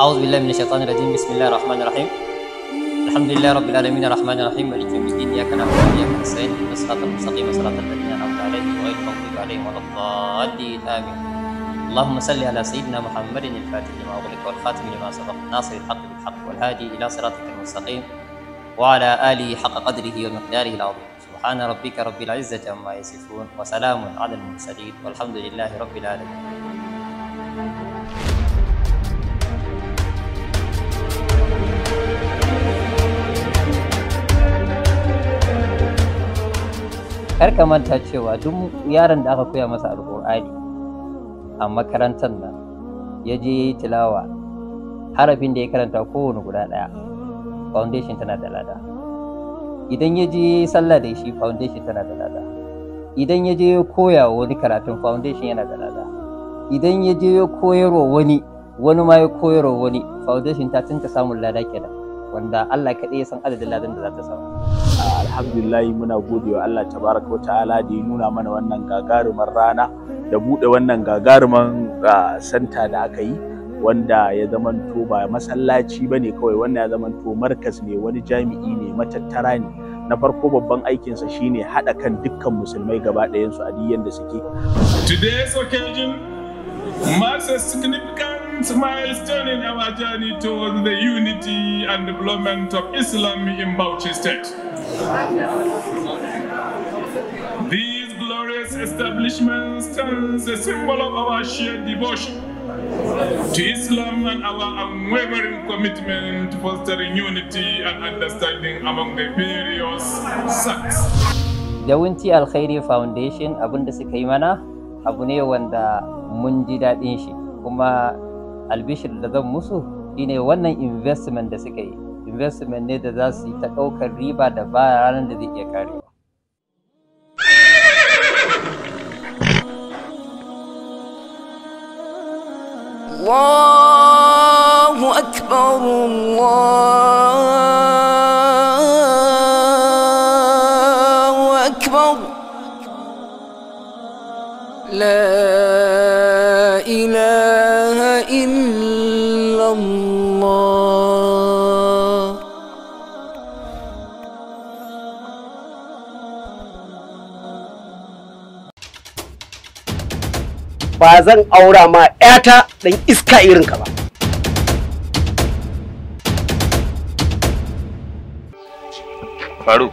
أعوذ بالله من الشيطان الرجيم بسم الله الرحمن الرحيم الحمد لله رب العالمين الرحمن الرحيم مالك يوم الدين إياك نعبد وإياك نستعين اهدنا الصراط المستقيم صراط الذين أنعمت عليهم غير المغضوب عليهم ولا الضالين آمين اللهم صل على سيدنا محمد الفاتح لما أغلق والخاتم لما سبق ناصر الحق بالحق والهادي إلى صراطك المستقيم وعلى آله حق قدره ومقداره العظيم سبحان ربك رب العزة عما يصفون وسلام على المرسلين والحمد لله رب العالمين kar ka manta cewa duk yaron da aka koya masa alƙur'ani a makarantar nan ya je ya yi tilawa harafin da ya karanta kowane guda ɗaya foundation tana da lada idan ya je ya yi sallah da shi foundation tana da lada idan ya je ya koya wani karatun foundation yana da lada idan ya je ya koyarwa wani wani ma ya koyarwa wani foundation ta tinka samun lada kenan wanda Allah kaɗai ya san adadin ladan da za ta samu alhamdulillah muna gode wa Allah tabaraka wa ta'ala da ya nuna mana wannan gagarumar rana da buɗe wannan gagaruman santa ah, da aka yi wanda ya zamanto ba masallaci ba ne kawai wannan ya zamanto markas ne wani jami'i ne matattara ne na farko babban aikinsa shine haɗa kan dukkan musulmai gaba ɗayansu a da suke. Today's occasion marks a significant Milestone turning our journey towards the unity and development of Islam in Bauchi State. These glorious establishments stand as a symbol of our shared devotion to Islam and our unwavering commitment to fostering unity and understanding among the various sects. Yawanci Alkhairi Foundation abinda suka yi abu wanda mun ji kuma albishir da zan musu shine wannan investment da suka yi investment ne da za su yi ta ɗaukar riba da ba ranar da zai iya karewa الله أكبر الله أكبر لا ba zan aura ma 'yata ɗan iska irin ka ba faru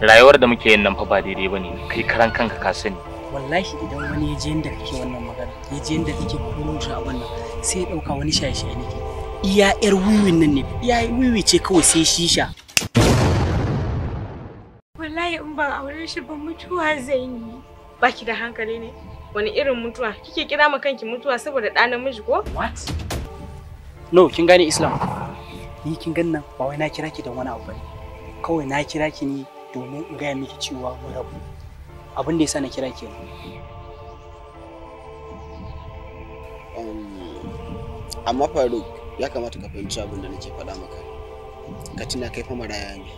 rayuwar da muke yin nan fa ba daidai ba ne kai karan kanka ka sani wallahi idan wani ya je inda kake wannan magana ya je inda kake kurutu a wannan sai ya ɗauka wani shaye-shaye nake iya yar wiwi nan ne iya wiwi ce kawai sai shisha wallahi in ban aure shi ba mutuwa zan yi baki da hankali ne wani irin mutuwa kike kira ma kanki mutuwa saboda ɗa namiji ko what no kin gane islam ni kin gan nan ba wai na kira ki don wani abu bane kawai na kira ki ne domin in gaya miki cewa mu rabu abin da sa na kira ke um, amma faruk ya kamata ka fahimci abin da nake faɗa maka ka tuna kai fa maraya ne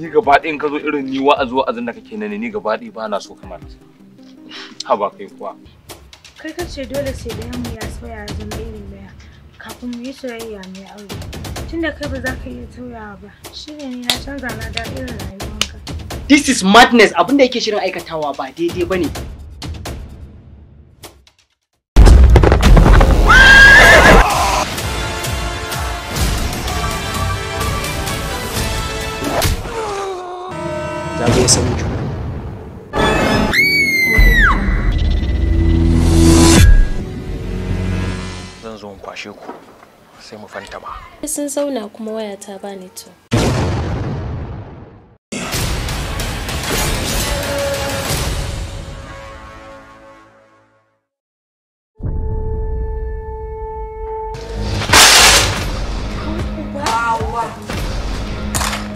ni gaba ɗin ka zo irin ni wa'azi wa'azin da kake nani ni gaba ɗin ba na so kamar ha ba kai kuwa kai ka ce dole sai da mu ya tsaya a zama irin daya kafin mu yi soyayya mai aure tunda kai ba za ka iya tauyawa ba shine ni na canza na da irin rayuwa This is madness abin da yake shirin aikatawa ba daidai ba ne. Zan zo in kwashe ku sai mu fanta ba. Sun zauna kuma waya ta bani to.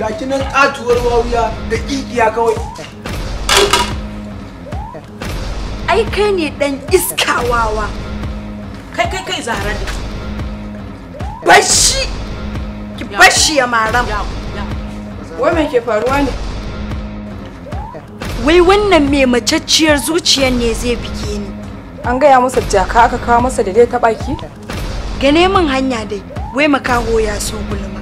ga kinan katuwar wawuya da igiya kawai ai kai ne dan iska wawa kai kai kai zahara da bashi ki bashi ya maram wai me ke faruwa ne wai wannan mai macacciyar zuciyar ne zai bige ni an gaya masa jaka aka kawo masa da dai ta baki gane min hanya dai wai makaho ya so gulma